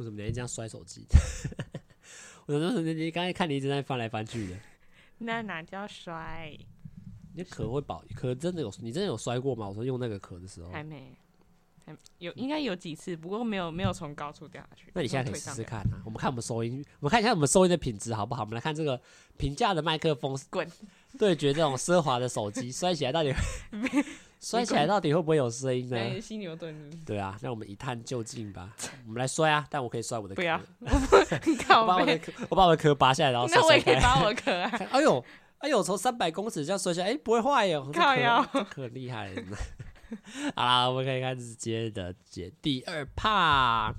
為什麼每這樣摔手機？ 我那手，你剛才看你一直在翻來翻去的，那哪叫摔？你的殼會保，可真的有，你真的有摔過嗎？我說用那個殼的時候，還沒，還沒有應該有幾次，不過沒有沒有從高處掉下去。那你現在可以試試看、啊、嗯、我們看我們收音，我們看一下我們收音的品質好不好？我們來看這個平價的麥克風棍對決這種奢華的手機， 摔起來到底？ 摔起來到底會不會有聲音呢？犀牛盾。對啊，那我們一探究竟吧。 我們來摔啊！但我可以摔我的殼。不要，我不會。我把我的殼， 我把我的殼拔下來，然後摔摔。那我也可以拔我殼、啊、 哎呦，哎呦，從三百公尺這樣摔下來，哎，不會壞喲！可很厲害 好啦，我們可以開始今天的解第二趴。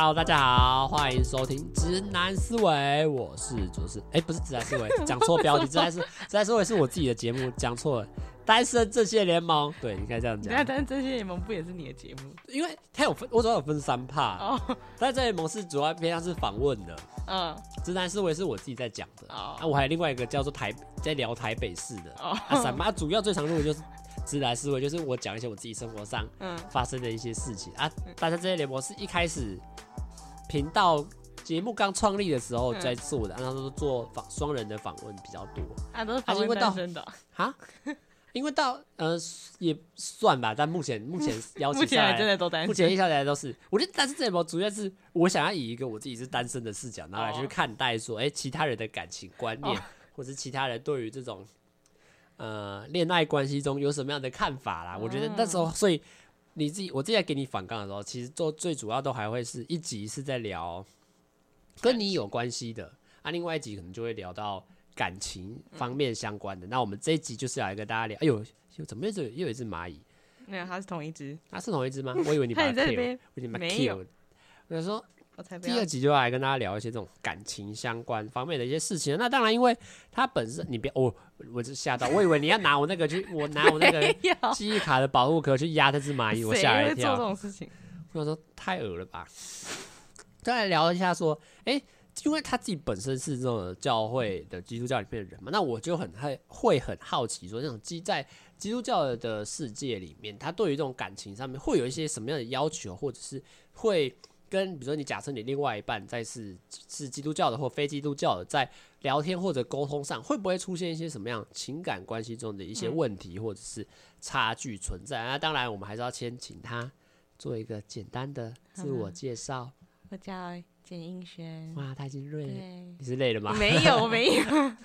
Hello，大家好，歡迎收聽《直男思維》，我是主持哎、欸，不是直 《直男思維》，講錯標題，《直男直男思維》是我自己的節目，講錯了。《單身陣線聯盟》，對，你可以這樣講。《單身陣線聯盟》不也是你的節目？因為他有分，我總要有分三趴。哦，但《陣線聯盟》是主要，偏向是訪問的。嗯，《直男思維》是我自己在講的。Oh. 啊，我還有另外一個叫做台，在聊台北市的。哦、oh. 啊，《三趴》主要最常錄的就是《直男思維》，就是我講一些我自己生活上嗯發生的一些事情、oh. 啊。《單身陣線聯盟》是一開始。頻道節目剛創立的時候在做的，然後他說做訪雙人的訪問比較多，啊都是都是單身的啊，因為到， 因為到呃也算吧，但目前目前邀請上來目前還真的都單身，目前一叫來都是，我覺得單身節目主要是我想要以一個我自己是單身的視角，然後來去看待說，哎、哦欸，其他人的感情觀念，哦、或者其他人對於這種呃戀愛關係中有什麼樣的看法啦，哦、我覺得那時候所以。你自己，我之前給你反抗的時候，其實做最主要都還會是一集是在聊跟你有關係的，啊，另外一集可能就會聊到感情方面相關的。嗯。那我們這一集就是要來跟大家聊，哎呦，怎麼又又又有一只螞蟻？沒有，它是同一只，它、啊、是同一只嗎？我以為你把它 kill， 沒有，我想說。我才第二集就要來跟大家聊一些這種感情相關方面的一些事情，那當然，因為他本身，你別我、哦，我嚇到，我以為你要拿我那個去， 我拿我那個記憶卡的保護殼去壓這隻螞蟻，我嚇一跳。誰會做這種事情？我，我說太惡了吧。再來聊一下說，哎、欸，因為他自己本身是這種教會的基督教裡面的人嘛，那我就很會會很好奇說，說這種基在基督教的世界裡面，他對於這種感情上面會有一些什麼樣的要求，或者是會。跟比如說你假設你另外一半在是是基督教的或非基督教的，在聊天或者溝通上，會不會出現一些什麼樣情感關係中的一些問題，或者是差距存在？那、嗯啊、當然，我們還是要先請他做一個簡單的自我介紹、嗯。我叫簡映宣。哇、啊，他已經累了，你是累了嗎？沒有，沒有。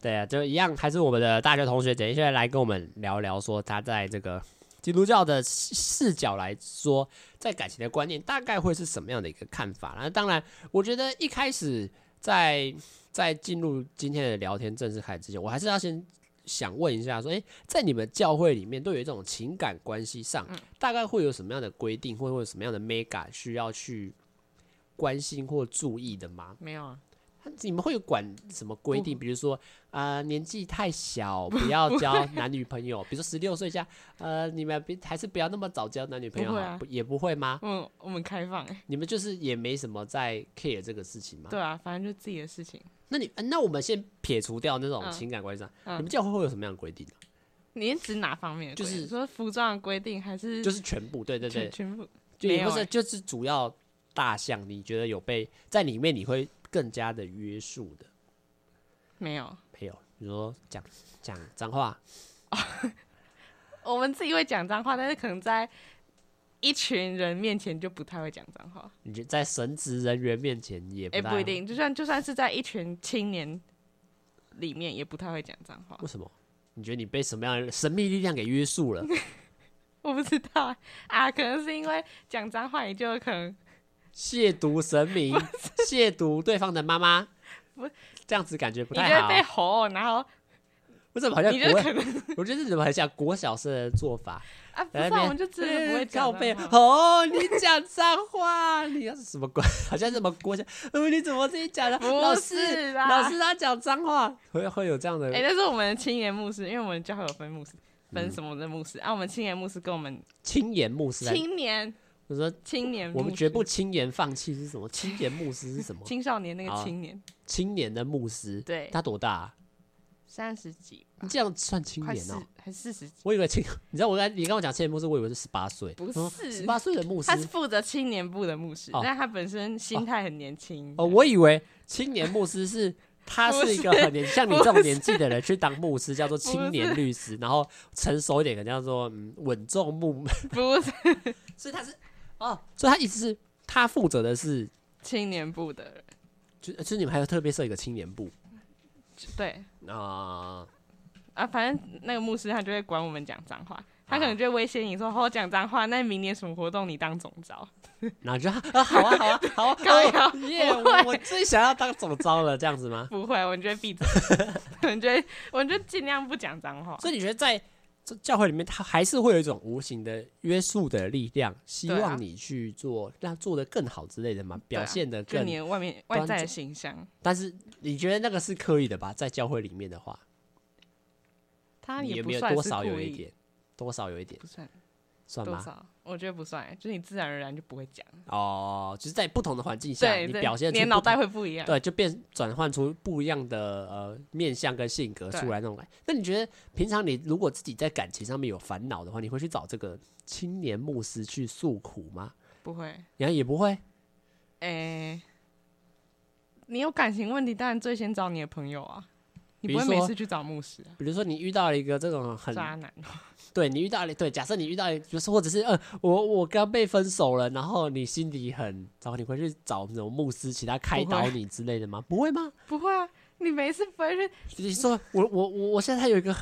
對啊，就一樣，還是我們的大學同學等一下來跟我們聊聊，說他在這個。基督教的視角來說，在感情的觀念大概會是什麼樣的一個看法？那當然，我覺得一開始在在進入今天的聊天正式開始之前，我還是要先想問一下：說，哎、欸，在你們教會裡面，對於這種情感關係上，大概會有什麼樣的規定，或者會有什麼樣的 Mega 需要去關心或注意的嗎？沒有啊，你們會管什麼規定？嗯。比如說？啊、呃，年紀太小，不要交男女朋友。比如說十六歲以下，呃，你們別，還是不要那麼早交男女朋友啊？不啊，也不會嗎？嗯，我們開放、欸、你們就是也沒什麼在 care 這個事情嗎？對啊，反正就自己的事情。那你、呃、那我們先撇除掉那種情感關係上、嗯嗯，你們教會會有什麼樣的規定呢、啊？你是指哪方面、就是、就是說服裝規定還是？就是全部，對對對，對全，全部。也不是，欸、就是主要大項，你覺得有被在裡面，你會更加的約束的。沒有，沒有。比如說講講髒話，oh, 我們自己會講髒話，但是可能在一群人面前就不太會講髒話。你覺得在神職人員面前也不、欸……不一定。就算就算是在一群青年裡面，也不太會講髒話。為什麼？你覺得你被什麼樣的神秘力量給約束了？ 我不知道啊，可能是因為講髒話你就可能褻瀆神明，褻瀆對方的媽媽。不。這樣子感覺不太好。你會被吼，然後，為什麼好像？你覺得我覺得是怎麼很像國小式的做法 啊？不是，我們就直接不會叫、哦。我講被吼。 你講髒話，你要是什麼鬼？好像什麼國家，呃、哦，你怎麼自己講的？不是啦老師，老師他講髒話，會會有這樣的？誒、欸，那是我們的青年牧師，因為我們教會有分牧師，分什麼的牧師、嗯、啊？我們青年牧師跟我們青年牧師，青年。我說青年，我們絕不輕言放棄是什麼？青年牧師是什麼？ 青少年那個青年、啊，青年的牧師。對，他多大、啊？三十幾。你這樣算青年哦、喔？還四十幾？我以為青，你知道我剛才你跟我講青年牧師，我以為是十八歲。不是，十八歲的牧師，他是負責青年部的牧師，哦、但他本身心態很年輕、哦哦。哦，我以為青年牧師是他是一個很年， 像你這種年紀的人去當牧師，叫做青年律師，然後成熟一點，可能叫做穩、嗯、重牧。不是， 所以他是。哦，所以他意思是他負責的是青年部的人，就就你們還有特別設一個青年部，對啊、uh, 啊，反正那個牧師他就會管我們講髒話，他可能就會威脅你說：“啊、哦，講髒話，那明年什麼活動你當總召？”那就啊好啊，好啊，好啊，好、 哦，討 厭、yeah,！我我最想要當總召了，這樣子嗎？不會，我就會閉嘴，可能就會，我就盡量不講髒話。所以你覺得在，這教會裡面，他還是會有一種無形的約束的力量，希望你去做，啊、讓做得更好之類的嘛，表現得更、啊、的更外，外在形象。但是你覺得那個是可以的吧？在教會裡面的話，他也不有沒有多少有一點，多少有一點。算嗎？我覺得不算，就是你自然而然就不會講哦。就是在不同的環境下，你表現出，你腦袋會不一樣，對，就變轉換出不一樣的呃面向跟性格出來那種來。那你覺得平常你如果自己在感情上面有煩惱的話，你會去找這個青年牧師去訴苦嗎？不會，你看也不會。哎、欸，你有感情問題，當然最先找你的朋友啊。你不會每次去找牧師、啊？比如說你遇到了一個這種很渣男，對你遇到了對，假設你遇到，遇到一個比如說或者是嗯、呃，我我剛被分手了，然後你心裡很，找你會去找這種牧師，其他開導你之類的嗎？不會，不會嗎？不會啊，你每次不會是你說我我我我現在還有一個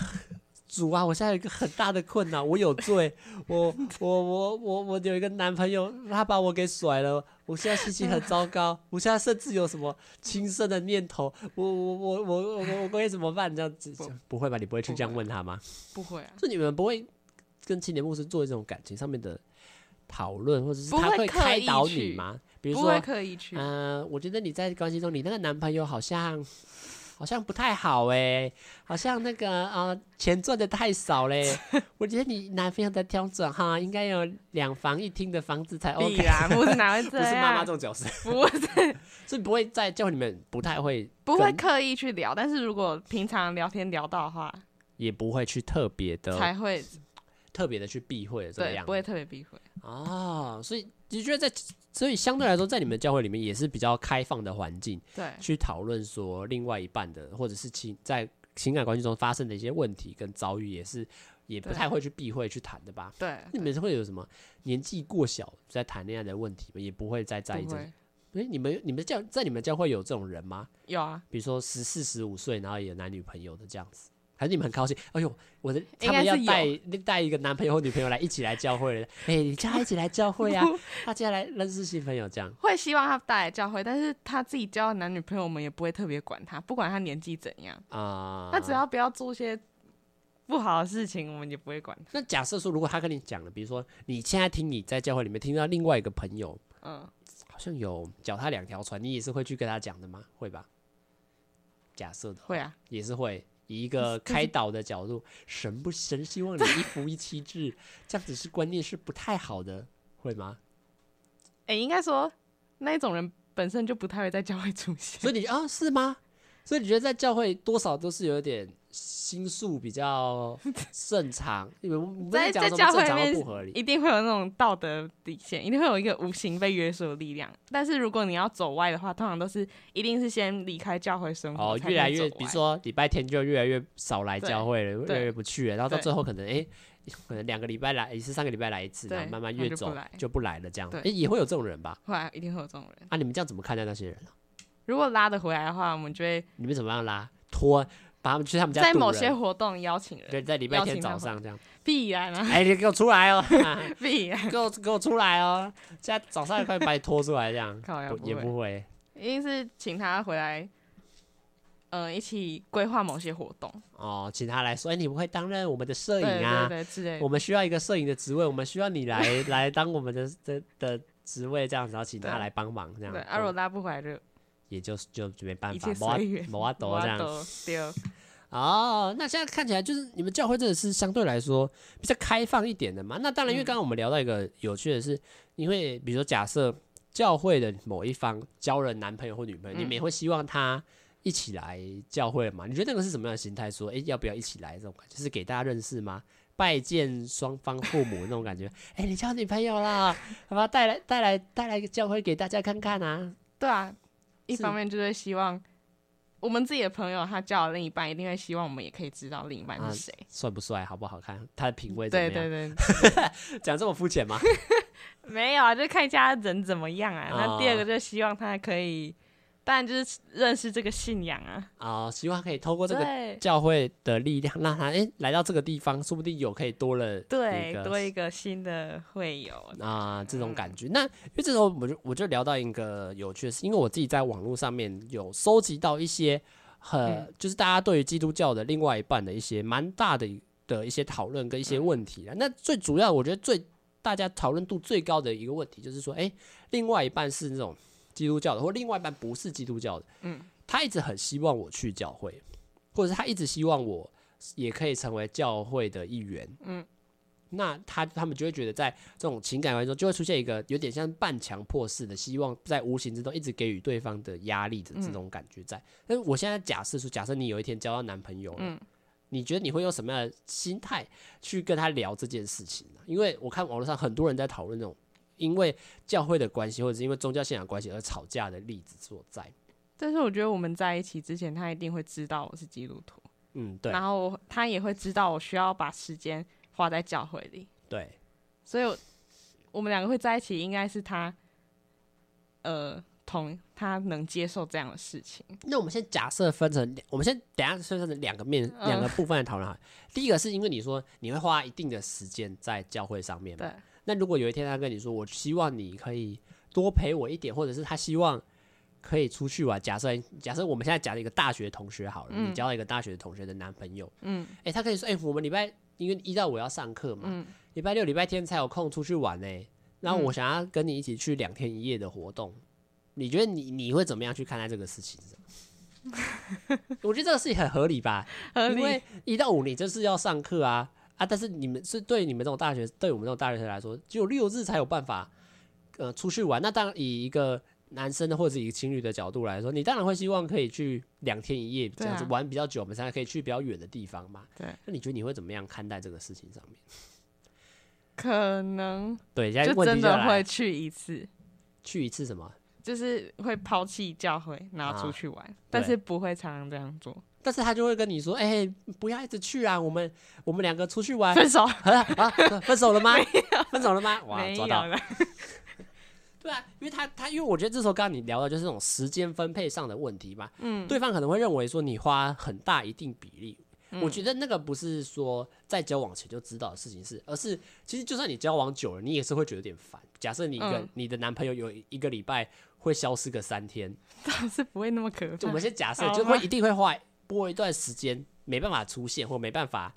主啊，我現在有一個很大的困難，我有罪，我我我我我有一個男朋友，他把我給甩了。我現在心情很糟糕， 我現在甚至有什麼輕生的念頭，我我我我我我該怎麼辦？這樣子，這樣子不，不會吧？你不會去這樣問他嗎？不會啊，就、啊、你們不會跟青年牧師做這種感情上面的討論，或者是他會開導你嗎？比如說，嗯、呃，我覺得你在關係中，你那個男朋友好像。好像不太好哎、欸，好像那個呃、哦，錢賺得太少嘞。 我覺得你男朋友在挑準哈，應該有兩房一廳的房子才 OK 啊，不是哪會這樣不是媽媽這種角色，不是是 不會再叫你們不太會，不會刻意去聊，但是如果平常聊天聊到的話，也不會去特別的才會特別的去避諱、這個，對，不會特別避諱啊、哦，所以。你覺得在，所以相對來說，在你們教會裡面也是比較開放的環境，對，去討論說另外一半的或者是情在情感關係中發生的一些問題跟遭遇，也是也不太會去避諱去談的吧？對，對對，你們是會有什麼年紀過小在談戀愛的問題嗎？也不會再在意這，哎、欸，你們你們教在你們教會有這種人嗎？有啊，比如說十四十五歲，然後也有男女朋友的這樣子。反正你們很高興。哎呦，我的他們要帶帶一個男朋友或女朋友來一起來教會了。哎、 欸，你叫他一起來教會呀、啊 ，他接下來認識新朋友，這樣會希望他帶來教會。但是他自己交的男女朋友，我們也不會特別管他，不管他年紀怎樣啊、呃。他只要不要做些不好的事情，我們也不會管。那假設說，如果他跟你講了，比如說你現在聽你在教會裡面聽到另外一個朋友，嗯，好像有腳踏兩條船，你也是會去跟他講的嗎？會吧？假設的會啊，也是會。以一個開導的角度， 神不神？希望你一夫一妻制，這樣子是觀念是不太好的，會嗎？誒、欸，應該說那種人本身就不太會在教會出現。所以你啊，是嗎？所以你覺得在教會多少都是有點。心術比較順暢 正常不，因為在在教會裡面一定會有那種道德底線，一定會有一個無形被約束的力量。但是如果你要走歪的話，通常都是一定是先離開教會生活，哦，越來越，比如說禮拜天就越來越少來教會了，越來越不去了，然後到最後可能哎、欸，可能兩個禮拜來一次，三個禮拜來一次，然後慢慢越走就不來了，這樣後、欸，也會有這種人吧？會啊，一定會有這種人。啊，你們這樣怎麼看待那些人？如果拉得回來的話，我們就會，你們怎麼樣拉拖？把他們去他們家。在某些活動邀請人。對，在禮拜天早上這樣。必然嗎、啊？哎、欸，你給我出來哦！必然，啊、給我給我出來哦！現在早上可以把你拖出來這樣？ 也不會。一定是請他回來，嗯、呃，一起規劃某些活動哦。請他來說，哎、欸，你不會擔任我們的攝影啊，對對對對我們需要一個攝影的職位，我們需要你來來當我們的 的的職位，這樣子然後請他來幫忙對這樣。阿若、嗯啊、拉不回來就。也就是就沒辦法，摩阿某阿斗這樣，對哦。Oh, 那現在看起來就是你們教會真的是相對來說比較開放一點的嘛？那當然，因為剛剛我們聊到一個有趣的是，因、嗯、為比如說假設教會的某一方交了男朋友或女朋友，你們也會希望他一起來教會嘛、嗯？你覺得那個是什麼樣的心態？說誒、欸，要不要一起來這種感覺、就是給大家認識嗎？拜見雙方父母那種感覺？誒、 欸，你交女朋友啦好吧，帶來帶來帶來個教會給大家看看啊，對啊。一方面就是希望我們自己的朋友他叫另一半，一定會希望我們也可以知道另一半是誰，帥、啊、不帥，好不好看，他的品味怎麼樣？嗯、對、對對對，講 這麼膚淺嗎？ 沒有啊，就看一下人怎麼樣啊、哦。那第二個就希望他可以。但就是認識這個信仰啊，啊、呃，希望可以透過這個教會的力量，讓他誒、欸、來到這個地方，說不定有可以多了對多一個新的會友啊、呃，這種感覺。嗯、那因為這時候我就我就聊到一個有趣的事，因為我自己在網絡上面有收集到一些很、嗯、就是大家對於基督教的另外一半的一些蠻大的的一些討論跟一些問題啊、嗯。那最主要我覺得最大家討論度最高的一個問題就是說，誒、欸，另外一半是那種。基督教的，或另外一半不是基督教的，嗯，他一直很希望我去教會，或者是他一直希望我也可以成為教會的一員，嗯，那他他們就會覺得在這種情感當中，就會出現一個有點像半強迫式的希望，在無形之中一直給予對方的壓力的這種感覺在。嗯，但是我現在假設說，假設你有一天交到男朋友，嗯，你覺得你會用什麼樣的心態去跟他聊這件事情呢？啊？因為我看網絡上很多人在討論這種。因為教會的關係，或者是因為宗教信仰關係而吵架的例子所在。但是我覺得我們在一起之前，他一定會知道我是基督徒。嗯，對。然後他也會知道我需要把時間花在教會裡。對。所以，我們兩個會在一起，應該是他，呃，同他能接受這樣的事情。那我們先假設分成，我們先等下先分成兩個面，兩，呃，兩個部分來討論哈。第一個是因為你說你會花一定的時間在教會上面嘛？對。那如果有一天他跟你說，我希望你可以多陪我一點，或者是他希望可以出去玩。假設假設我們現在講一個大學同學好了，嗯，你交了一個大學同學的男朋友，嗯，哎、欸，他可以說，哎、欸，我們禮拜因為一到五要上課嘛，禮、嗯、拜六、禮拜天才有空出去玩呢、欸。然後我想要跟你一起去兩天一夜的活動，嗯、你覺得你你會怎麼樣去看待這個事情？ 我覺得這個事情很合理吧，理因為一到五你就是要上課啊。啊！但是你們是對你們這種大學，對我們這種大學生來說，只有六日才有辦法，呃，出去玩。那當然，以一個男生的或者以情侶的角度來說，你當然會希望可以去兩天一夜這樣子玩比較久，我們、啊、才可以去比較遠的地方嘛。對，那你覺得你會怎麼樣看待這個事情上面？可能 對現在，就真的會去一次，去一次什麼？就是會拋棄教會，然後出去玩、啊，但是不會常常這樣做。但是他就會跟你說：“哎、欸，不要一直去啊，我們我們兩個出去玩。”分手？好、啊、了、啊、分手了嗎？ 分手了嗎？哇，抓到了！ 對啊，因為他他因為我覺得這時候剛剛你聊的就是這種時間分配上的問題嘛，嗯，對方可能會認為說你花很大一定比例，嗯、我覺得那個不是說在交往前就知道的事情是，而是其實就算你交往久了，你也是會覺得有點煩。假設你跟、嗯、你的男朋友有一個禮拜會消失個三天，但是不會那麼可怕。就我們先假設，就會一定會壞。過一段時間沒辦法出現，或沒辦法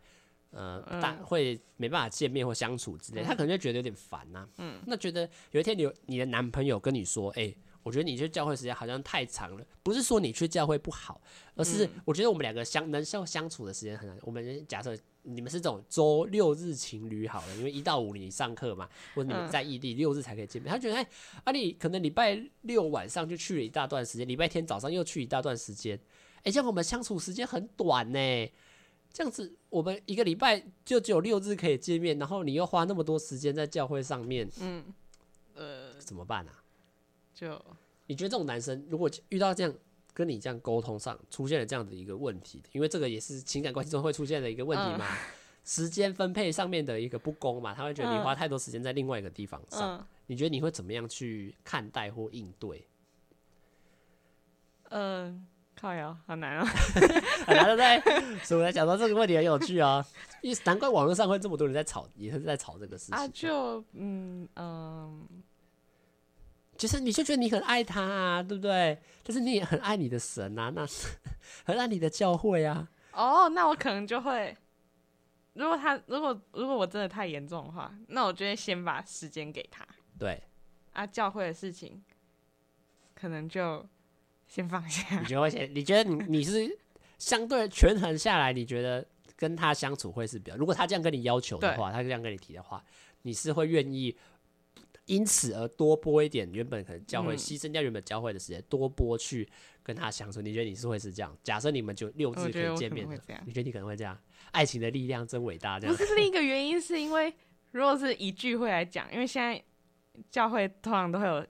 呃，大會沒辦法見面或相處之類，他可能就覺得有點煩吶。嗯，那覺得有一天你有你的男朋友跟你說：“哎，我覺得你去教會時間好像太長了，不是說你去教會不好，而是我覺得我們兩個相能相相處的時間很難。我們假設你們是這種周六日情侶好了，因為一到五你上課嘛，或者你們在異地，六日才可以見面。他覺得哎、欸，啊，你可能禮拜六晚上就去了一大段時間，禮拜天早上又去一大段時間。”哎、欸，像我們相處時間很短呢，這樣子我們一個禮拜就只有六日可以見面，然後你又花那麼多時間在教會上面，嗯，呃，怎麼辦呢、啊？就你覺得這種男生如果遇到這樣跟你這樣溝通上出現了這樣的一個問題，因為這個也是情感關係中會出現的一個問題嘛、呃，時間分配上面的一個不公嘛，他會覺得你花太多時間在另外一個地方上、呃，你覺得你會怎麼樣去看待或應對？嗯、呃。靠有好難哦、喔。 很難對不對？ 所以我在講到這個問題很有趣哦、啊。因為難怪網絡上會這麼多人在吵，也是在吵這個事情啊。啊就、嗯呃，就嗯嗯，其實你就覺得你很愛他啊，對不對？但、就是你也很愛你的神啊，那是很愛你的教會啊。哦，那我可能就會，如果他如果如果我真的太嚴重的話，那我就會先把時間給他。對啊，教會的事情可能就。先放下 你你。你覺得會先？你覺得你你是相對權衡下來，你覺得跟他相處會是比較？如果他這樣跟你要求的話，他這樣跟你提的話，你是會願意因此而多撥一點原本可能教會、嗯、犧牲掉原本教會的時間，多撥去跟他相處？你覺得你是會是這樣？假設你們就六次可以見面的，你覺得你可能會這樣？愛情的力量真偉大，這樣不是另一個原因是因為，如果是以聚會來講，因為現在教會通常都會有。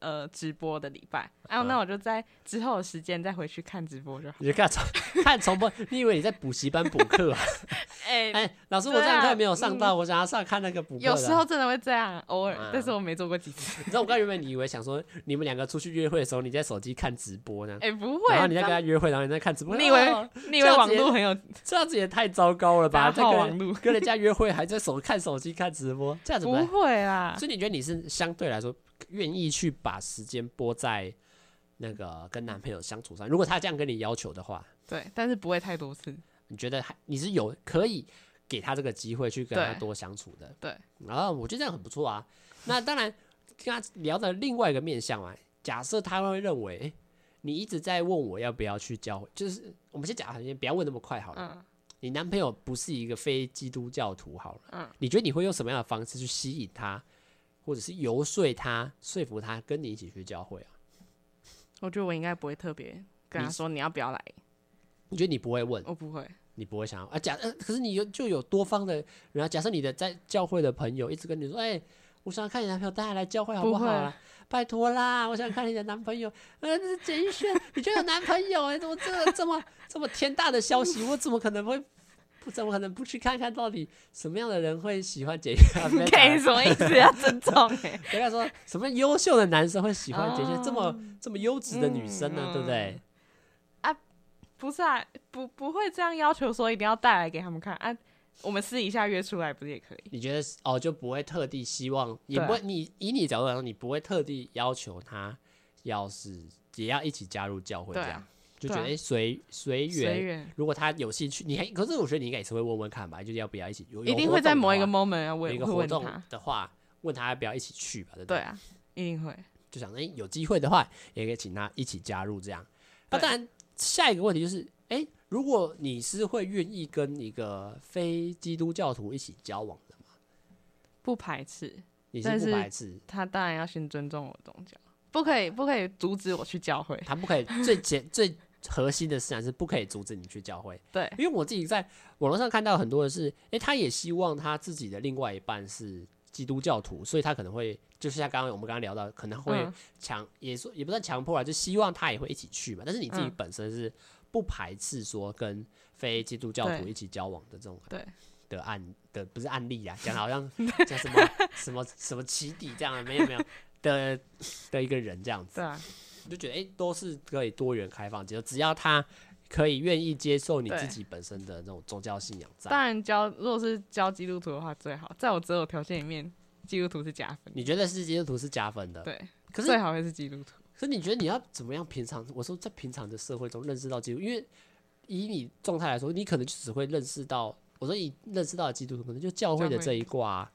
呃，直播的禮拜，哎、嗯，那我就在之後的時間再回去看直播就好。你看重看重播， 你以為你在補習班補課啊？哎 哎、欸欸，老師，啊、我這堂課沒有上到、嗯，我想要上看那個補課的。有時候真的會這樣，偶爾、啊，但是我沒做過幾,幾次。你知道我剛剛原本你以為想說，你們兩個出去約會的時候，你在手機看直播呢？哎、欸，不會。然後你在跟他約會，然後你在看直播。你以為、哦、你以為網絡很有，這樣子也太糟糕了吧？靠網絡跟,跟人家約會，還在手 看手機看直播，這樣子不會啊？所以你覺得你是相對來說？願意去把時間撥在那個跟男朋友相處上，如果他這樣跟你要求的話，對，但是不會太多次。你覺得你是有可以給他這個機會去跟他多相處的，對。然後我覺得這樣很不錯啊。那當然跟他聊的另外一個面向啊，假設他會認為，哎，你一直在問我要不要去教會，就是我們先講，先不要問那麼快好了。你男朋友不是一個非基督教徒，好了，嗯，你覺得你會用什麼樣的方式去吸引他？或者是遊說他，說服他跟你一起去教會啊？我覺得我應該不會特別跟他說，你要不要來你？你覺得你不會問？我不會，你不會想要啊？假，呃、可是你就有就有多方的人，然後，假設你的在教會的朋友一直跟你說：“哎、欸，我想要看你男朋友大家來教會好不好？不拜托啦，我想看你的男朋友。 呃”哎，簡映宣，你居然有男朋友、欸？哎，怎麼這這麼這麼天大的消息？我怎麼可能會？ 不我怎麼可能不去看看到底什麼樣的人會喜歡姐姐，啊？ 給你什麼意思呀？尊 重哎，欸，人家說什麼優秀的男生會喜歡姐姐這麼，哦，這麼優質的女生呢？嗯嗯，對不對，對？啊，不是啊，不不會這樣要求說一定要帶來給他們看啊。我們私底下約出來不是也可以？你覺得哦，就不會特地希望，也不會。啊，你以你角度來說，你不會特地要求他要是也要一起加入教會這樣。就覺得隨隨緣，如果他有興趣，你還可是我覺得你應該也是會問問看吧，就是要不要一起有有。一定會在某一個 moment，有一個活動的話問，問他要不要一起去吧，對不對？對啊，一定會。就想說，哎、欸，有機會的話，也可以請他一起加入這樣。那、啊、當然，下一個問題就是，哎、欸，如果你是會願意跟一個非基督教徒一起交往的嗎？不排斥，你是不排斥？是他當然要先尊重我的宗教，不可以，不可以阻止我去教會。他不可以最簡最。 核心的思想是不可以阻止你去教會，對，因為我自己在網絡上看到很多的是，哎，他也希望他自己的另外一半是基督教徒，所以他可能會就是像剛剛我們剛剛聊到，可能會強，也說也不算強迫啊，就希望他也會一起去嘛。但是你自己本身是不排斥說跟非基督教徒一起交往的這種，對的案的不是案例啊，講好像叫什麼什麼什麼起底這樣，沒有沒有的，的的一個人這樣子對、啊，對就覺得誒、欸，都是可以多元開放，就只要他可以願意接受你自己本身的那種宗教信仰在。當然教，如果是教基督徒的話最好。在我擇偶條件裡面，基督徒是加分。你覺得是基督徒是加分的？對，可是最好還是基督徒。所以你覺得你要怎麼樣平常？我說在平常的社會中認識到基督，因為以你狀態來說，你可能就只會認識到我說你認識到的基督徒，可能就教會的這一卦，啊，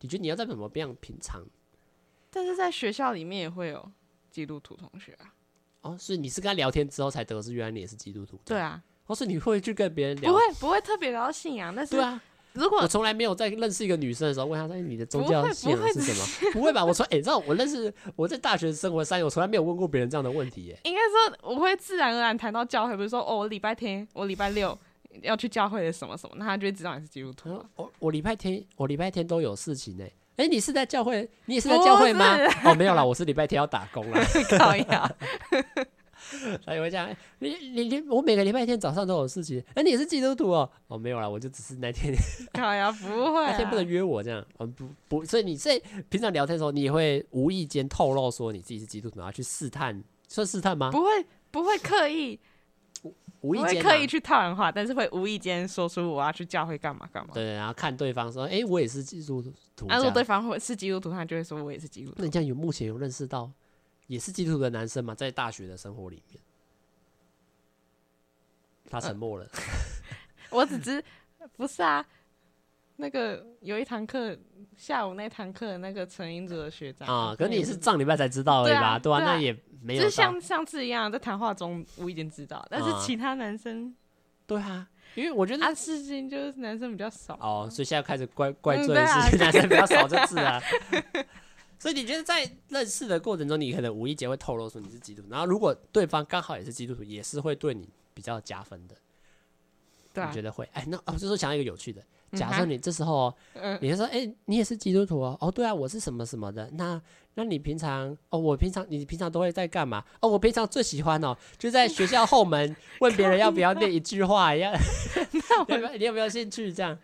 你覺得你要再怎麼變平常？但是在學校裡面也會有。基督徒同學啊，哦，是你是跟他聊天之後才得知，原來你也是基督徒。對啊，或、哦、是你會去跟別人聊，不會不會特別聊到信仰，那是對啊。如果我從來沒有在認識一個女生的時候問她，說你的宗教信仰是什麼？不會，不會，不會吧？我從誒，你、 欸、知道我認識我在大學生活三年，我從來沒有問過別人這樣的問題耶、欸。應該說我會自然而然談到教會，比如說哦，我禮拜天我禮拜六要去教會的什麼什麼，那她就會知道你是基督徒了、嗯。我我禮拜天我禮拜天都有事情哎、欸。哎、欸，你是在教會？你也是在教會嗎？哦，沒有啦。我是禮拜天要打工啦。好呀， 所以會這樣。你你你，我每個禮拜天早上都有事情。哎、欸，你也是基督徒哦、喔？哦，沒有啦。我就只是那天。好呀，不會。那天不能約我這樣。我不不，所以你在平常聊天的時候，你也會無意間透露說你自己是基督徒，然後去試探，說試探嗎？不會，不會刻意。 無意間、啊，刻意去套人話，但是會無意間說出我要去教會幹嘛幹嘛。對，然後看對方說，哎、欸，我也是基督徒、啊。如果對方是基督徒，他就會說我也是基督徒。那你這樣有目前有認識到也是基督徒的男生嗎？在大學的生活裡面，他沉默了。啊、 我只知不是啊。那個有一堂課，下午那一堂課的那個陳英哲學長啊、嗯，可是你是上禮拜才知道的吧？對、啊對啊？對啊，那也沒有，就像上次一樣，在談話中無意間知道。但是其他男生，嗯、對啊，因為我覺得他、啊、事情就是男生比較少哦，所以現在開始怪怪罪的事情、嗯啊、 男生比較少，這次啊。 所以你覺得在認識的過程中，你可能無意間會透露出你是基督徒，然後如果對方剛好也是基督徒，也是會對你比較加分的。對、啊，我覺得會。哎、欸，那哦，就是、想要一個有趣的。假設你這時候，mm -hmm. Mm -hmm. 你就說，哎、欸，你也是基督徒哦？哦，對啊，我是什麼什麼的。那，那你平常哦，我平常，你平常都會在幹嘛？哦，我平常最喜歡哦，就在學校後門問別人要不要念一句話一樣，要。你有沒有？你有沒有興趣這樣？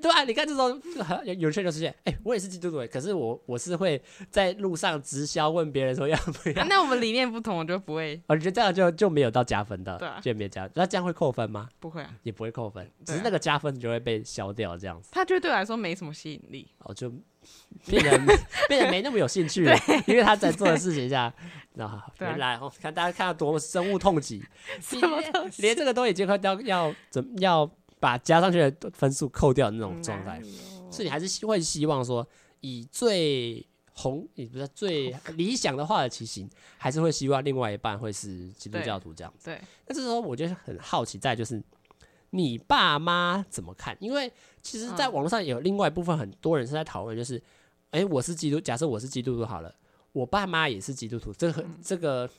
對啊，你看，這種，有有有人就出現，哎、欸，我也是基督徒，可是我我是會在路上直銷問別人說要不要。那我們理念不同，我就不會。我、哦、覺得這樣就就沒有到加分的，對、啊、就沒有加分。那這樣會扣分嗎？不會啊，也不會扣分。只是那個加分就會被消掉，這樣子。啊、他就對我來說沒什麼吸引力，哦，就變得變得沒，沒那麼有興趣了， 因為他在做的事情下，然後、啊、來看、啊哦、大家看到多麼深惡痛疾， 什麼連這個都已經快要要怎要。怎要把加上去的分數扣掉的那種狀態，所以你還是會希望說以最紅，也不是最理想的話的情形，還是會希望另外一半會是基督教徒這樣子。對，那這時候我就很好奇，在就是你爸媽怎麼看？因為其實，在網絡上有另外一部分很多人是在討論，就是哎、嗯、欸，我是基督，假設我是基督徒好了，我爸媽也是基督徒，這個這個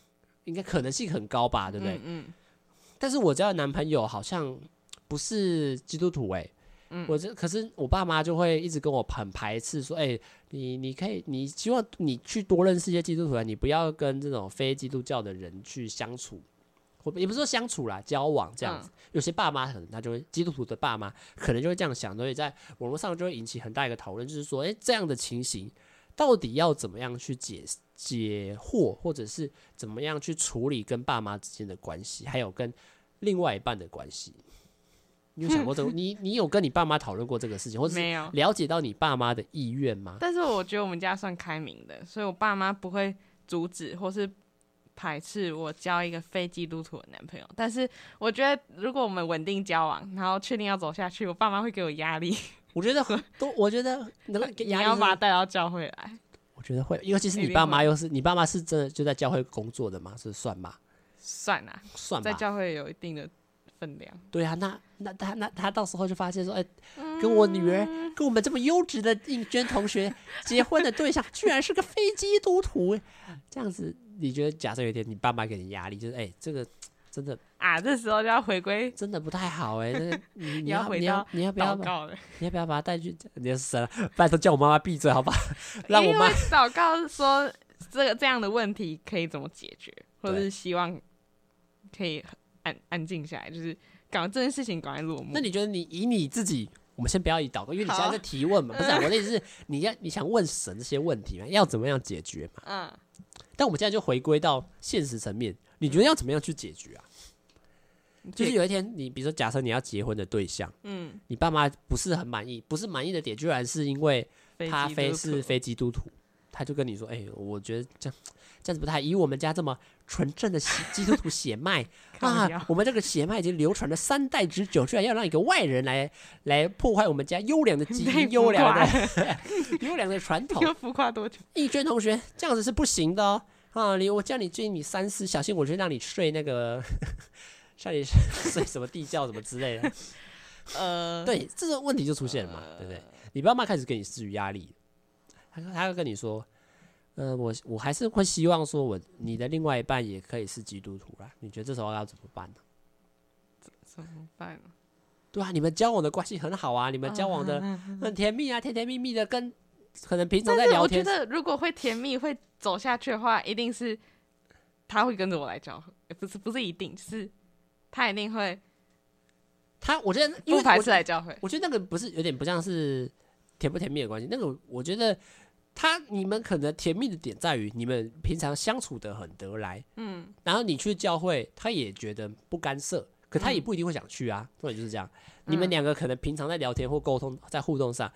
應該可能性很高吧？對不對？嗯、嗯。但是我交的男朋友好像。不是基督徒哎、欸嗯，我這可是我爸媽就會一直跟我很排斥說，說、欸、哎，你你可以，你希望你去多認識一些基督徒啊，你不要跟這種非基督教的人去相處，也不是說相處啦，交往這樣子。嗯、有些爸媽可能他就會，基督徒的爸媽，可能就會這樣想，所以在網絡上就會引起很大一個討論，就是說哎、欸，這樣的情形到底要怎麼樣去解解惑，或者是怎麼樣去處理跟爸媽之間的關係，還有跟另外一半的關係。有想過這個？你你有跟你爸媽討論過這個事情，或是，沒有了解到你爸媽的意願嗎？ 但是我覺得我們家算開明的，所以我爸媽不會阻止或是排斥我交一個非基督徒的男朋友。但是我覺得，如果我們穩定交往，然後確定要走下去，我爸媽會給我壓力。我覺得很，我覺得能夠壓力，要把他帶到教會來。我覺得會，尤其是你爸媽，又是你爸媽是真的就在教會工作的嗎？是，是算嗎？算啊，算，在教會有一定的。分量。對啊，那那他那他到時候就發現說，哎、欸，跟我女兒、嗯、跟我們這麼優質的映宣同學結婚的對象，居然是個非基督徒、欸。 這樣子，你覺得假設有一天你爸媽給你壓力，就是哎、欸，這個真的啊，這時候就要回歸，真的不太好哎、欸。 這個你要你要，你要，你，要你要不要？告？你要不要把他帶去？你要是死了，拜托叫我媽媽閉嘴，好吧？讓我媽禱告說， 這個這樣的問題可以怎麼解決，或者是希望可以。安靜下來，就是搞這件事情，搞來落幕。那你覺得，你以你自己，我們先不要以導播，因為你現在在提問嘛，不是、啊？我的意思是，你要你想問神這些問題嘛，要怎麼樣解決嘛、嗯？但我們現在就回歸到現實層面，你覺得要怎麼樣去解決啊？嗯、就是有一天你，你比如說，假設你要結婚的對象，嗯，你爸媽不是很滿意，不是滿意的點，居然是因為他非是非基督徒。他就跟你說：“哎、欸，我覺得這樣，這樣子不太。以我們家這麼純正的基督徒血脈 掉啊， 我們這個血脈已經流傳了三代之久，居然要讓一個外人來來破壞我們家優良的基因、優良的優 良的傳統。映宣同學，這樣子是不行的哦。啊，我教你我叫你追你三思，小心我就讓你睡那個， 讓你睡什麼地窖什麼之類的。 呃，對，這個問題就出現了嘛，對、呃、不對？你爸媽開始給你施予壓力。”他會跟你說，呃，我我還是會希望說我，我你的另外一半也可以是基督徒啦。你覺得這時候要怎麼辦呢？怎麼辦呢？對啊，你們交往的關係很好啊，啊，你們交往的很甜蜜啊，甜甜蜜蜜的。跟可能平常在聊天，我覺得如果會甜蜜會走下去的話，一定是他會跟着我來教會，不是不是一定，就是他一定會。他，我覺得，不排斥來教會。我覺得，我覺得，我覺得那個不是有點不像是甜不甜蜜的關係，那個我覺得。他你們可能甜蜜的點在於你們平常相處得很得來，嗯，然後你去教會，他也覺得不干涉，可他也不一定會想去啊。或、嗯、者就是這樣，嗯、你們兩個可能平常在聊天或溝通，在互動上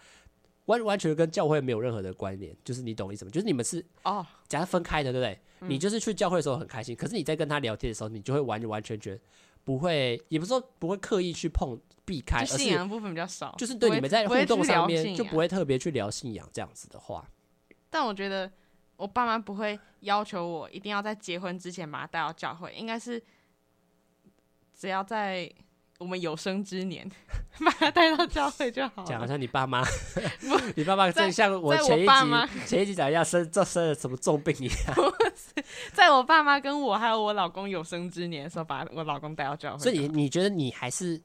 完完全跟教會沒有任何的關聯，就是你懂我意思嗎？就是你們是哦，假設分開的，對不對？你就是去教會的時候很開心、嗯，可是你在跟他聊天的時候，你就會完完全全不會，也不是說不會刻意去碰避開，信仰的部分比較少，是就是對你們在互動上面就不會特別去聊信仰這樣子的話。但我覺得，我爸媽不會要求我一定要在結婚之前把他帶到教會，應該是只要在我們有生之年把他帶到教會就好了。講的像你爸媽，不， 你爸爸在像我前一集爸前一集講要生這生了什麼重病一樣，不是在我爸媽跟我還有我老公有生之年的時候，把我老公帶到教會。所以你，你覺得你還是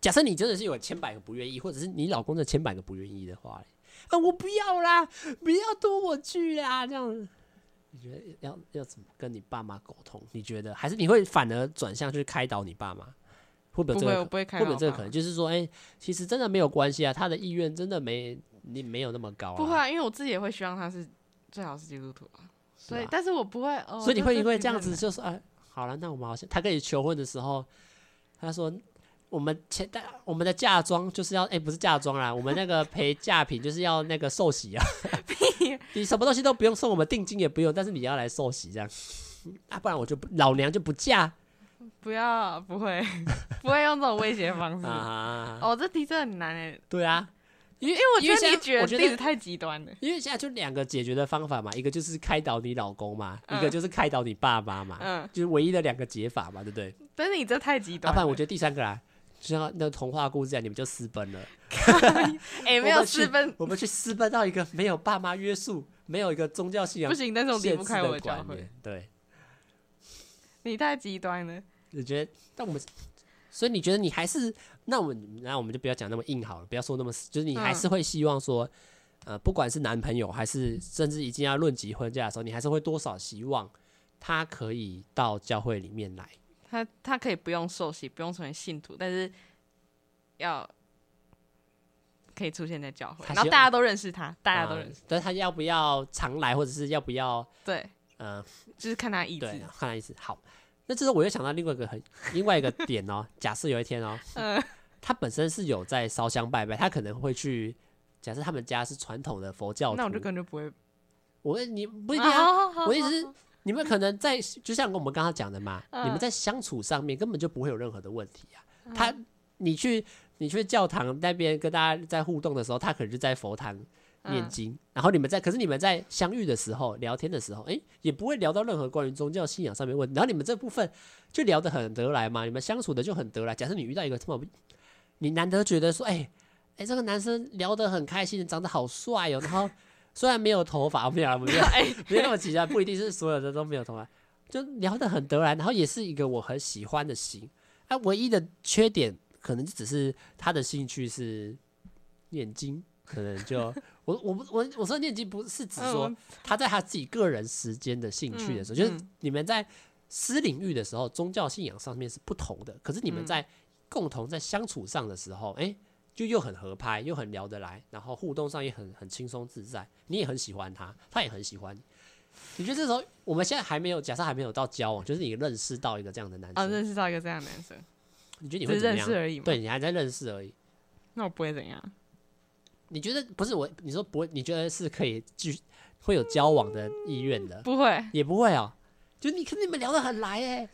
假設你真的是有千百個不願意，或者是你老公的千百個不願意的話？啊、我不要啦，不要拖我去啦，這樣子。你覺得要要怎麼跟你爸媽溝通？你覺得還是你會反而轉向去開導你爸媽？會不會、這個？不會，不會開導爸。會不會這個可能就是說，哎、欸，其實真的沒有關係啊，他的意願真的沒你沒有那麼高、啊。不會啊，因為我自己也會希望他是最好是基督徒啊，所以但是我不會。哦、所以你會因為這，這樣子就是哎、欸，好啦，那我們好像他跟你求婚的時候，他說。我們我們的嫁妝就是要，哎、欸，不是嫁妝啦，我們那個陪嫁品，就是要那個受洗啊。 你什麼東西都不用送，我們定金也不用，但是你要來受洗這樣，啊，不然我就老娘就不嫁。不要，不會，不會用這種威脅方式 啊哈啊哈。哦，這題真很難哎、欸。對啊，因為，因為我覺得你覺得例子太極端了。因為現在就兩個解決的方法嘛，一個就是開導你老公嘛，嗯、一個就是開導你爸爸嘛，嗯，就是唯一的兩個解法嘛，對不對？但是你這太極端了。啊不然，我覺得第三個啦。就像那童話故事一樣，你們就私奔了。哎、 欸，沒有私奔 我，我們去私奔到一個沒有爸媽約束、沒有一個宗教信仰不行那種，離不開我的觀念。對，你太極端了。你覺得？但我們，所以你覺得你還是那我們，那我們就不要講那麼硬好了，不要說那麼死，就是你還是會希望說，嗯、呃，不管是男朋友還是甚至已經要論及婚嫁的時候，你還是會多少希望他可以到教會裡面來。他他可以不用受洗，不用成為信徒，但是要可以出現在教會，然後大家都認識他，大家都認識他。但、嗯、是他要不要常來，或者是要不要？對，嗯、呃，就是看他意思。對，看他意思。好，那這時候我又想到另外一個很另外一個點哦， 假設有一天哦、嗯，他本身是有在燒香拜拜，他可能會去。假設他們家是傳統的佛教徒，那我就跟着不會。我問你不一定要啊，好好好我一直。好好好你們可能在，就像我們剛剛講的嘛、嗯，你們在相處上面根本就不會有任何的問題啊。嗯、他，你去，你去教堂那邊跟大家在互動的時候，他可能就在佛堂念經、嗯。然後你們在，可是你們在相遇的時候、聊天的時候，誒、欸、也不會聊到任何關於宗教信仰上面問題。然後你們這部分就聊得很得來嘛，你們相處的就很得來。假設你遇到一個這麼，你難得覺得說，哎、欸，誒、欸，這個男生聊得很開心，長得好帥哦，然後。 雖然沒有頭髮， 我沒不沒哎，沒有其他，不一定是所有的都沒有頭髮，就聊得很得來，然後也是一個我很喜歡的型。哎，唯一的缺點可能就只是他的興趣是念經，可能就我我我我說念經不是，是指說他在他自己個人時間的興趣的時候、嗯嗯，就是你們在私領域的時候，宗教信仰上面是不同的，可是你們在共同在相處上的時候，哎、欸。就又很合拍，又很聊得來，然後互動上也很很輕鬆自在。你也很喜歡他，他也很喜歡你。你覺得這時候我們現在還沒有，假設還沒有到交往，就是你認識到一個這樣的男生啊，認識到一個這樣的男生，你覺得你會怎樣？只是認識而已，對你還在認識而已。那我不會怎樣？你覺得不是我？你說不會？你覺得是可以繼續會有交往的意願的、嗯？不會，也不會哦，就你看你們聊得很來哎、欸。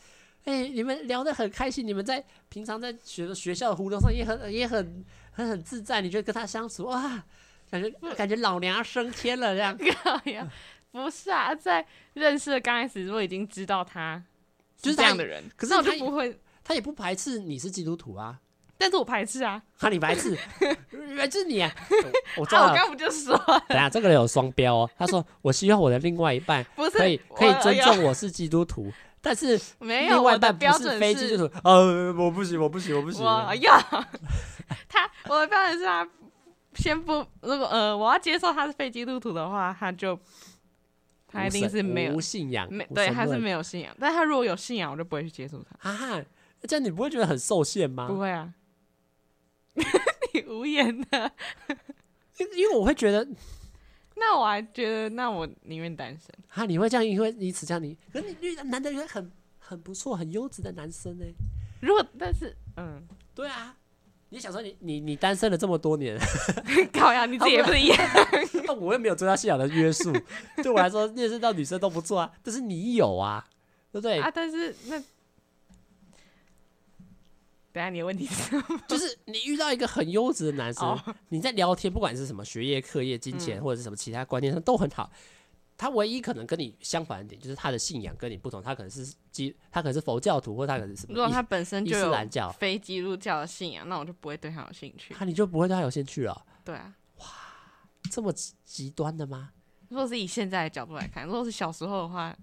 哎、欸，你們聊得很開心，你們在平常在學學校活動上也很也很很很自在，你覺得跟他相處哇，感覺感覺老娘升天了這樣。 不是啊，在認識的剛開始我已經知道他就是這樣的人，就是、他可是他我不會，他也不排斥你是基督徒啊，但是我排斥啊，他、啊、排斥，排 斥你啊，我，我知道、 啊、我剛不就說，等下這個人有雙標哦，他說我希望我的另外一半 不是可以可以尊重我是基督徒。 可是沒有，我的標準是，是呃，我不行我不行我不行，我要他，我的標準是他先不，如果呃，我要接受他是非基督徒的話，他就他一定是沒有信仰，沒，對他是沒有信仰，但他如果有信仰我就不會去接受他啊。這樣你不會覺得很受限嗎？不會啊 你無言的，因為我會覺得。那我還覺得，那我寧願單身哈、啊。你會這樣，因為以此這樣，你可你遇的男的也很很不錯，很優質的男生呢。如果但是，嗯，對啊，你想說你你你單身了這麼多年，搞 呀，你自己也不是一樣。那 我又沒有宗教信仰的約束， 對我來說，認識到女生都不錯啊。但是你有啊，對不對？啊，但是那。你的問題是就是你遇到一個很優質的男生，你在聊天，不管是什麼學業、課業、金錢或者是什麼其他觀念上都很好。他唯一可能跟你相反的點，就是他的信仰跟你不同。他可能是基，他可能是佛教徒，或他可能是如果他本身就是伊斯蘭教、非基督教的信仰，那我就不會對他有興趣。啊，那你就不會對他有興趣了哦？對啊，哇，這麼極極端的嗎？如果是以現在的角度來看，如果是小時候的話，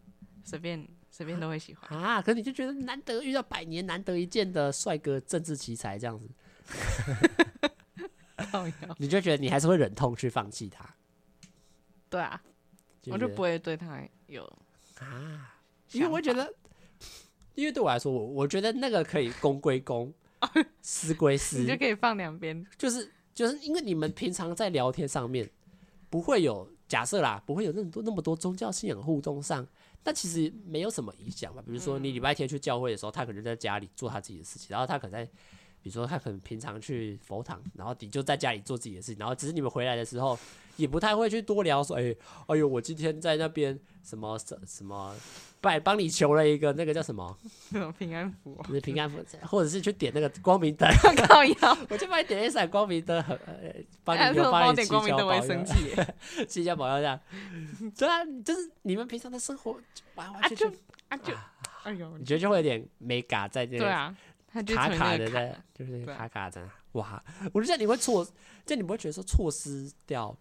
隨便。隨便都會喜歡啊，啊！可是你就覺得難得遇到百年難得一見的帥哥政治奇才這樣子 你就覺得你還是會忍痛去放棄他。對啊，我就不會對他有啊，因為我覺得，因為對我來說，我我覺得那個可以公歸公， 私歸私，你就可以放兩邊。就是就是因為你們平常在聊天上面不會有假設啦，不會有那麼多那麼多宗教信仰互動上。但其實沒有什麼影響吧，比如說你禮拜天去教會的時候，他可能在家裡做他自己的事情，然後他可能在，比如說他可能平常去佛堂，然後你就在家裡做自己的事情，然後只是你們回來的時候。也不太會去多聊說，哎、欸，哎呦，我今天在那邊什麼什麼，拜幫你求了一個那個叫什麼？平安符，就是、平安符， 或者是去點那個光明燈。 我就幫你點一盞光明燈，呃，幫、啊、你有光明點光明燈，不會生氣，七家保佑的。對 啊，就是你們平常的生活完完全全就，玩玩就、啊就啊啊啊哎，你覺得就會有點沒嘎在那、這個？對啊，卡、啊、卡的在，就是卡卡的。啊、哇，我就講你會錯，就 你不會覺得說錯失掉。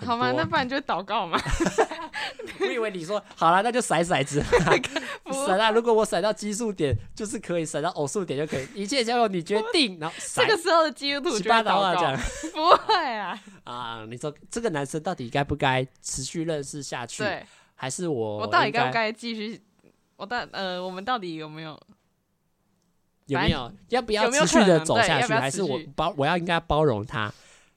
好嗎？那不然就禱告嘛。 我以為你說好啦，那就甩骰，骰子。 不，甩如果我甩到奇數點，就是可以；甩到偶數點就可以。一切交由你決定，然後這個時候的基督徒就禱告。了 不會啊！啊，你說這個男生到底該不該持續認識下去？還是我？我到底該不該繼續？我到呃，我們到底有沒有？有沒有？有要不要持續的有沒有走下去？要要還是我包？我要應該包容他？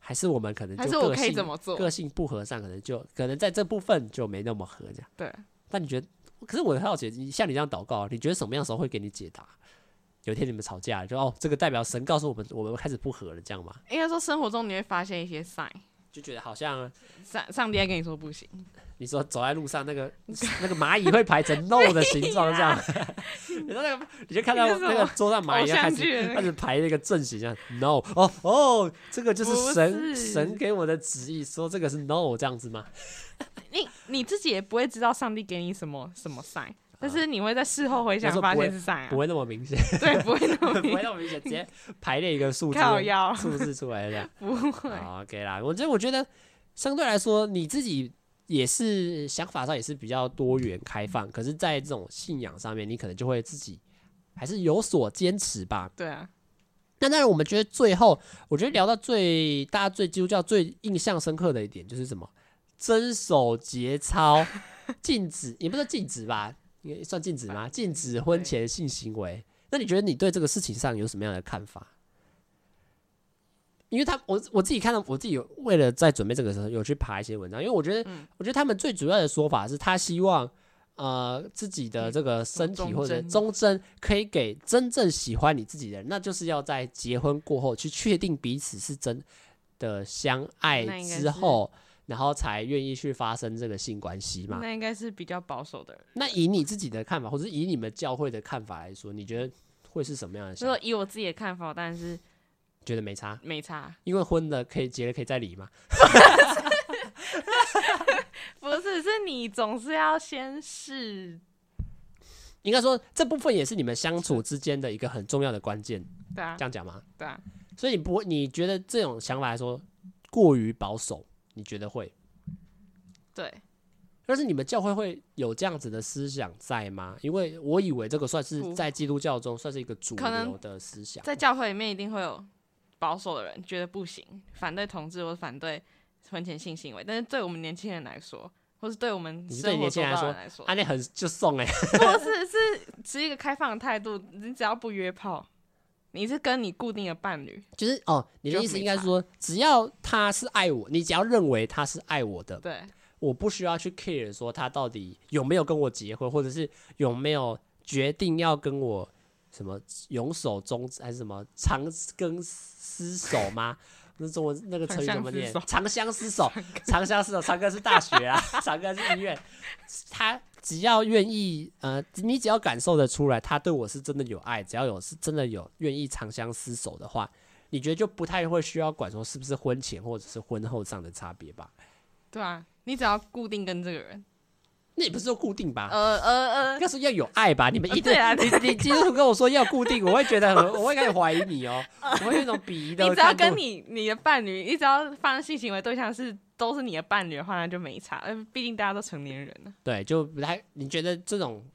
還是我們可能就個性還是我可以這麼做？個性不合善，可能就可能在這部分就沒那麼合這樣。對，那你覺得？可是我很好奇，你像你這樣禱告，你覺得什麼樣的時候會給你解答？有一天你們吵架，就哦，這個代表神告訴我們，我們開始不和了，這樣嗎？應、欸、該說生活中你會發現一些 sign，就覺得好像上上帝在跟你說不行。嗯你說，走在路上那個 那個螞蟻會排成 no 的形狀這樣， 你說那個你就看到那個桌上螞蟻開始、那個、開始排那個陣型這樣 no 哦哦，這個就是神是神給我的旨意，說這個是 no 這樣子嗎？你你自己也不會知道上帝給你什麼什麼 sign，但是你會在事後回想發現是 sign，、啊啊、不會，不會那麼明顯，對，不會那麼 不會那麼明顯，直接排列一個數字數字出來的， 不會。OK 啦，我覺得我覺得相對來說你自己。也是想法上也是比較多元開放，可是，在這種信仰上面，你可能就會自己還是有所堅持吧。對啊。那當然，我們覺得最後，我覺得聊到最大家最基督教最印象深刻的一點，就是什麼？遵守節操， 禁止，也不是禁止吧？應該算禁止嗎？禁止婚前性行為。那你覺得你對這個事情上有什麼樣的看法？因為他，我我自己看到，我自己有為了在準備這個時候有去爬一些文章，因為我覺得，嗯、我覺得他們最主要的說法是他希望，呃，自己的這個身體或者忠貞，可以給真正喜歡你自己的人，那就是要在結婚過後去確定彼此是真的相愛之後，然後才願意去發生這個性關係嘛。那應該是比較保守的人。那以你自己的看法，或者以你們教會的看法來說，你覺得會是什麼樣的？如果以我自己的看法，但是。覺得沒差，沒差，因為婚了可以結了可以再離嘛。 不是，是你總是要先試。應該說這部分也是你們相處之間的一個很重要的關鍵。 對啊，這樣講嗎？對啊。所以你不，你覺得這種想法來說過於保守？你覺得會？對。但是你們教會會有這樣子的思想在嗎？因為我以為這個算是在基督教中算是一個主流的思想，在教會裡面一定會有。保守的人覺得不行，反對同志或反對婚前性行為。但是對我們年輕人來說，或是對我們生活中來，來，來說，啊那很就送誒、欸。 不是，是持一個開放的態度。你只要不約炮，你是跟你固定的伴侶。就是哦，你的意思應該是說，只要他是愛我，你只要認為他是愛我的，對，我不需要去 care 說他到底有沒有跟我結婚，或者是有沒有決定要跟我。什麼永守中，還是什麼長庚廝守嗎？ 那中文那個成語怎麼唸？長相廝守，長相廝守， 守。長庚是大學啊， 長庚是醫院。他只要願意，呃，你只要感受得出來，他對我是真的有愛。只要有是真的有願意長相廝守的話，你覺得就不太會需要管說是不是婚前或者是婚後上的差別吧？對啊，你只要固定跟這個人。那也不是說固定吧，呃呃呃，但是要有愛吧，呃、你們一定。對啊，你你其實今天跟我說要固定，那個、我會覺得很 我會你、喔呃，我會開始懷疑你哦，我會有一種鄙夷的。你只要跟你你的伴侶，一直要發生性行為對象是都是你的伴侶的話，那就沒差。嗯，畢竟大家都成年人了。對，就不太。你覺得這種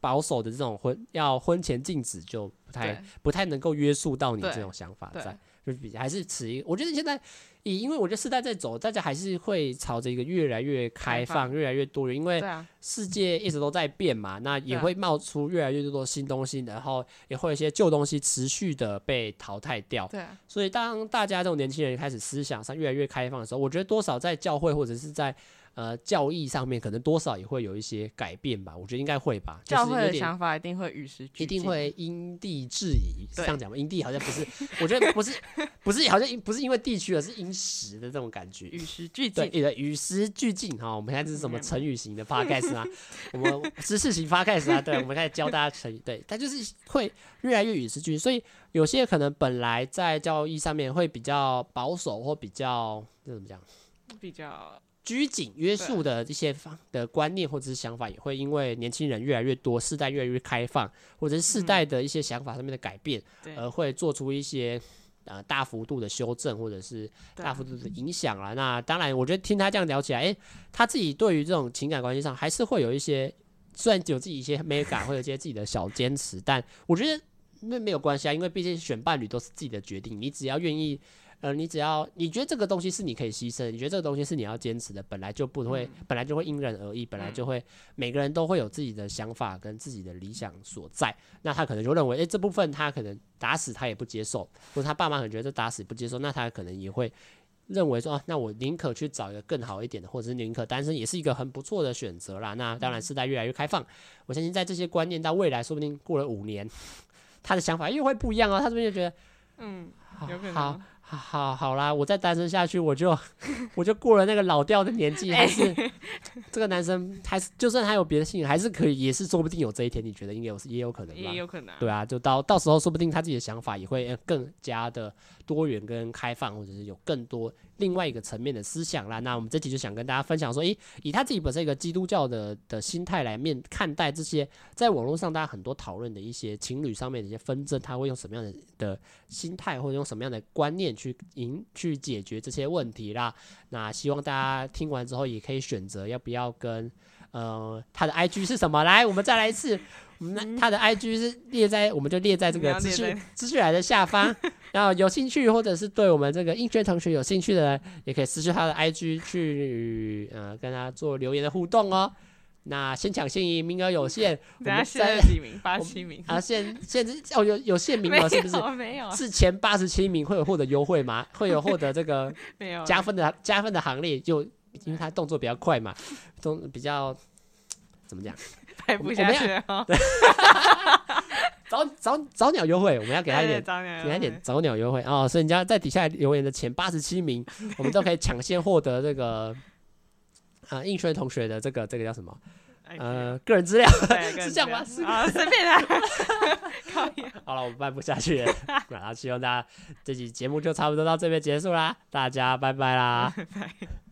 保守的這種婚要婚前禁止，就不太不太能夠約束到你這種想法在，對對就比還是持一個。我覺得現在。因為我覺得時代在走，大家還是會朝着一個越來越開放，開放越來越多。因為世界一直都在變嘛，啊、那也會冒出越來越多的新東西，啊，然後也會有些舊東西持續的被淘汰掉，啊。所以當大家這種年輕人開始思想上越來越開放的時候，我覺得多少在教會或者是在。呃，教義上面可能多少也會有一些改變吧，我覺得應該會吧。教會的想法一定會與時俱進，就是，一定會因地制宜。這樣講吧，因地好像不是， 我覺得不是，不是， 不是好像因不是因為地區而是因時的這種感覺。與時俱進，對，與、欸、時俱進哈。我們現在是什麼成語型的、啊，podcast 我們知識型 podcast 啊。對，我們開始教大家成語。對，它就是會越來越與時俱進。所以有些可能本來在教義上面會比較保守，或比較這怎麼講？比較。拘謹約束的一些方的觀念或者是想法，也會因為年輕人越來越多，世代越來越開放，或者是世代的一些想法上面的改變，而會做出一些呃大幅度的修正或者是大幅度的影響啊，那當然，我覺得聽他這樣聊起來，哎，他自己對於這種情感關係上還是會有一些，雖然有自己一些美感，或者一些自己的小堅持，但我覺得那沒有關係啊，因為畢竟選伴侶都是自己的決定，你只要願意。呃，你只要你覺得這個東西是你可以犧牲，你覺得這個東西是你要堅持的，本來就不會，嗯、本來就會因人而異、嗯，本來就會每個人都會有自己的想法跟自己的理想所在。那他可能就認為，哎、欸，這部分他可能打死他也不接受，或者他爸媽可能覺得打死不接受，那他可能也會認為說，啊，那我寧可去找一個更好一點的，或者是寧可單身，也是一個很不錯的選擇啦。那當然，時代越來越開放、嗯，我相信在這些觀念到未來，說不定過了五年，他的想法又會不一樣哦、啊。他是不是就覺得，嗯，好。好好好啦，我再單身下去，我就我就過了那個老掉的年紀， 還是 這個男生還是就算他有別的性，還是可以，也是說不定有這一天。你覺得應該有，也有可能吧，也有可能啊，對啊，就到到時候，說不定他自己的想法也會更加的。多元跟開放，或者是有更多另外一個層面的思想啦。那我們這集就想跟大家分享說，誒、欸，以他自己本身一個基督教的的心態來面看待這些在網絡上大家很多討論的一些情侶上面的一些紛爭，他會用什麼樣的的心態或者用什麼樣的觀念去贏去解決這些問題啦。那希望大家聽完之後也可以選擇要不要跟，呃，他的 IG 是什麼？來，我們再來一次。那、嗯、他的 IG 是列在，我們就列在這個資訊資訊欄的下方。然後有興趣或者是對我們這個映宣同學有興趣的，也可以私訊他的 IG 去，呃，跟他做留言的互動哦。那先搶先贏，名額有限，嗯、我們三十幾名，八十七名啊，限限制哦有有限名額是不是？是前八十七名會有獲得優惠嗎？會有獲得這個加分的， 加分的加分的行列，就因為他動作比較快嘛，都比較怎麼講？不下去我,們我們要對 早早早鳥優惠，我們要給他一點，給他一點早鳥優惠啊、哦！所以人家在底下留言的前八十七名，我們都可以搶先獲得這個啊。映宣同學的這個這個叫什麼呃個人資料、okay.，是這樣嗎？啊啊 隨便啊 啊、好了，我們辦不下去了，那希望大家這集節目就差不多到這邊結束啦，大家拜拜啦。